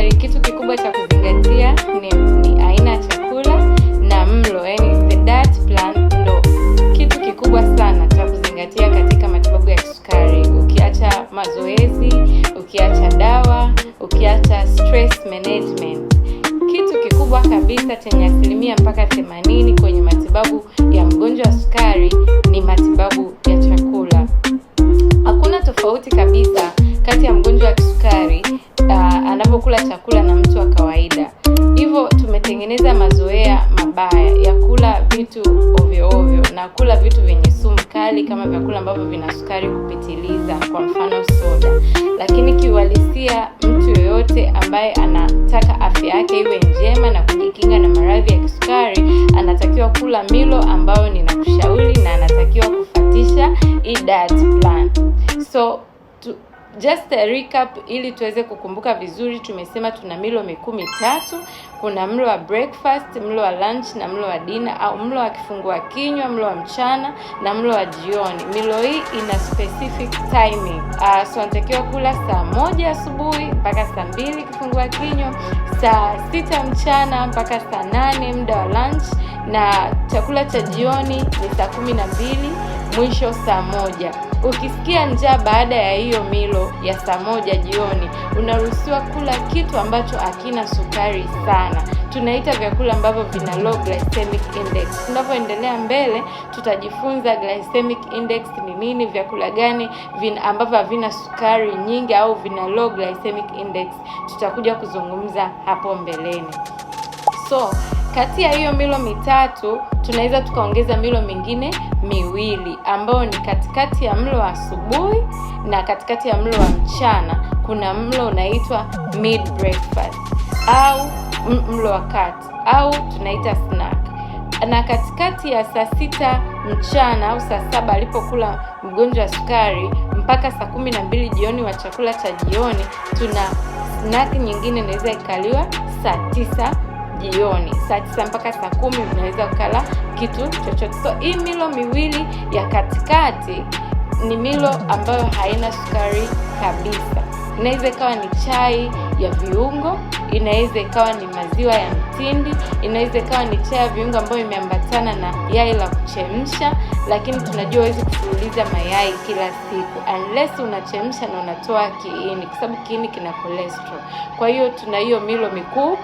daktari, kitu kikubwa cha kuzingatia ni, ni aina ya chakula na mlo, yani the diet plan ndo kitu kikubwa sana cha kuzingatia katika matibabu ya kisukari. Ukiacha mazoezi, ukiacha dawa, ukiacha stress management, kitu kikubwa kabisa chenye asilimia mpaka 80 kwenye matibabu ya mgonjwa wa sukari ni matibabu ya chakula. Hakuna tofauti kabisa kati ya mgonjwa wa kisukari anavyokula chakula na mtu wa kawaida. Hivyo tumetengeneza mazoea mabaya ya kula vitu ovyo ovyo na kula vitu vyenye sumu kali kama vyakula ambavyo vina sukari kupitiliza, kwa mfano soda. Lakini kiuhalisia, mtu yoyote ambaye anataka afya yake iwe njema na kujikinga na maradhi ya kisukari anatakiwa kula milo ambayo ninakushauri na anatakiwa kufatisha hii diet plan. So tu, Just a recap ili tuweze kukumbuka vizuri, tumesema tuna milo mikuu mitatu. Kuna mlo wa breakfast, mlo wa lunch na mlo wa dinner, au mlo wa kifungua kinywa, mlo wa mchana na mlo wa jioni. Milo hii ina specific timing. Uh, so unatakiwa kula saa moja asubuhi mpaka saa mbili kifungua kinywa, saa sita mchana mpaka saa nane muda wa lunch, na chakula cha jioni ni saa kumi na mbili mwisho saa moja. Ukisikia njaa baada ya hiyo milo ya saa moja jioni, unaruhusiwa kula kitu ambacho hakina sukari sana. Tunaita vyakula ambavyo vina low glycemic index. Tunavyoendelea mbele, tutajifunza glycemic index ni nini, vyakula gani vina ambavyo havina sukari nyingi au vina low glycemic index, tutakuja kuzungumza hapo mbeleni. So kati ya hiyo milo mitatu tunaweza tukaongeza milo mingine miwili ambayo ni katikati ya mlo wa asubuhi na katikati ya mlo wa mchana. Kuna mlo unaitwa mid breakfast au mlo wa kati au tunaita snack, na katikati ya saa sita mchana au saa saba alipokula mgonjwa wa sukari mpaka saa kumi na mbili jioni wa chakula cha jioni, tuna snack nyingine inaweza ikaliwa saa tisa jioni saa tisa mpaka saa kumi mnaweza kukala kitu chochote. So hii milo miwili ya katikati ni milo ambayo haina sukari kabisa. Inaweza ikawa ni chai ya viungo, inaweza ikawa ni maziwa ya mtindi, inaweza ikawa ni chai ya viungo ambayo imeambatana na yai la kuchemsha, lakini tunajua huwezi kufululiza mayai kila siku unless unachemsha na unatoa kiini, kwa sababu kiini kina cholesterol. Kwa hiyo tuna hiyo milo mikuu.